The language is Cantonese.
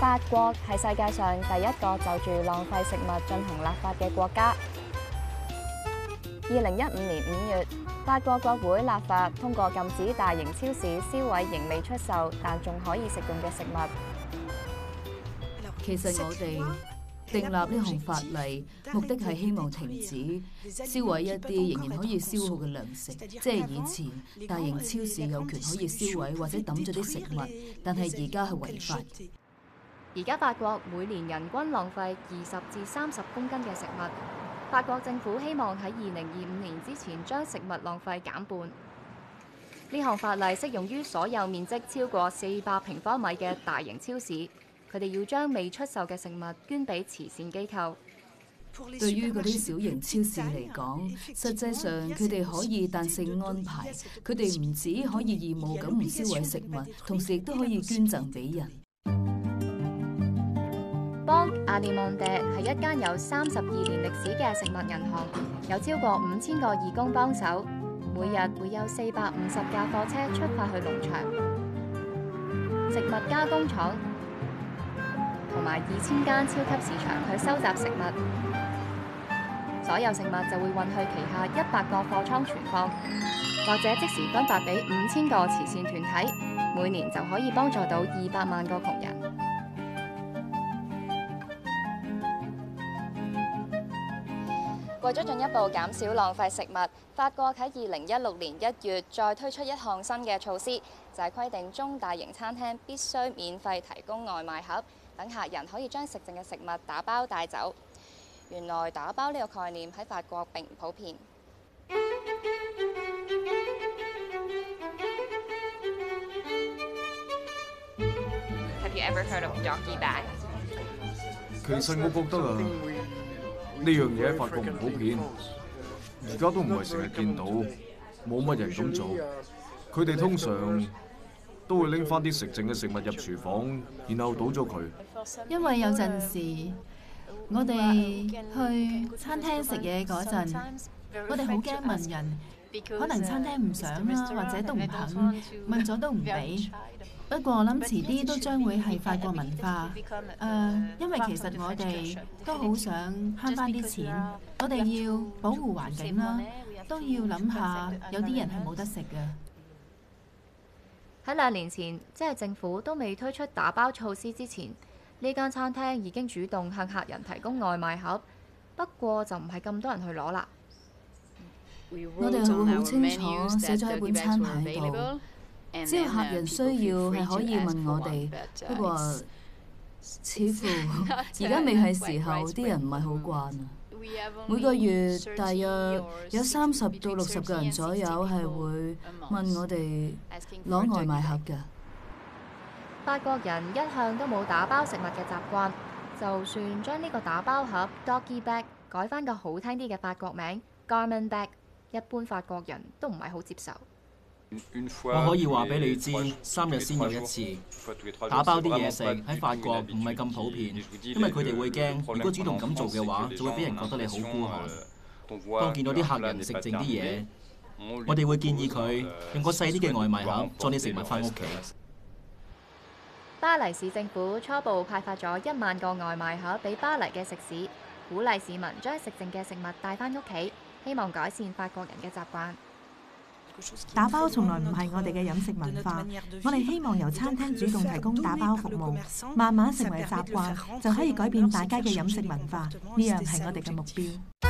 法國係世界上第一個就住浪費食物進行立法嘅國家。二零一五年五月，法國國會立法通過禁止大型超市銷毀仍未出售但仲可以食用嘅食物。其實我哋訂立呢項法例，目的係希望停止銷毀一啲仍然可以消耗嘅糧食。即係以前，大型超市有權可以銷毀或者抌咗啲食物，但係而家係違法。而家法國每年人均浪費二十至三十公斤嘅食物，法國政府希望喺二零二五年之前將食物浪費減半。呢項法例適用於所有面積超過四百平方米嘅大型超市，佢哋要將未出售嘅食物捐俾慈善機構。對於嗰啲小型超市嚟講，實際上佢哋可以彈性安排，佢哋唔止可以義務咁唔銷毀食物，同時亦都可以捐贈俾人。阿尼蒙蒂係一間有三十二年歷史嘅食物銀行，有超過五千個義工幫手，每日會有四百五十架貨車出發去農場、食物加工廠同埋二千間超級市場去收集食物，所有食物就會運去旗下一百個貨倉存放，或者即時分發俾五千個慈善團體，每年就可以幫助到二百萬個窮人。為咗進一步減少浪費食物，法國喺二零一六年一月再推出一項新嘅措施，就係規定中大型餐廳必須免費提供外賣盒，等客人可以將食剩嘅食物打包帶走。原來打包呢個概念喺法國並唔普遍。Have you ever heard of doggy bag？其實我覺得啊。呢樣嘢喺法國唔普遍，而家都唔係成日見到，冇乜人咁做。佢哋通常都會拎翻啲食剩嘅食物入廚房，然後倒咗佢。因為有陣時我哋去餐廳食嘢嗰陣，我哋好驚問人，可能餐廳唔想啦，或者都唔肯，問咗都唔俾。不過我諗遲啲都將會係法國文化，誒、呃，因為其實我哋都好想慳翻啲錢，我哋要保護環境啦，都要諗下有啲人係冇得食嘅。喺兩年前，即係政府都未推出打包措施之前，呢間餐廳已經主動向客人提供外賣盒，不過就唔係咁多人去攞啦。我哋會好清楚寫咗喺本餐牌度。只要客人需要，係可以問我哋。不過似乎而家未係時候，啲人唔係好慣。每個月大約有三十到六十個人左右係會問我哋攞外賣盒嘅。法國人一向都冇打包食物嘅習慣，就算將呢個打包盒 doggy bag 改翻個好聽啲嘅法國名 gourmet bag，一般法國人都唔係好接受。我可以話俾你知，三日先有一次。打包啲嘢食喺法國唔係咁普遍，因為佢哋會驚，如果主動咁做嘅話，就會俾人覺得你好孤寒。當見到啲客人食剩啲嘢，我哋會建議佢用個細啲嘅外賣盒裝啲食物翻屋企。巴黎市政府初步派發咗一萬個外賣盒俾巴黎嘅食肆，鼓勵市民將食剩嘅食物帶返屋企，希望改善法國人嘅習慣。打包從來唔係我哋嘅飲食文化，我哋希望由餐廳主動提供打包服務，慢慢成為習慣，就可以改變大家嘅飲食文化。呢樣係我哋嘅目標。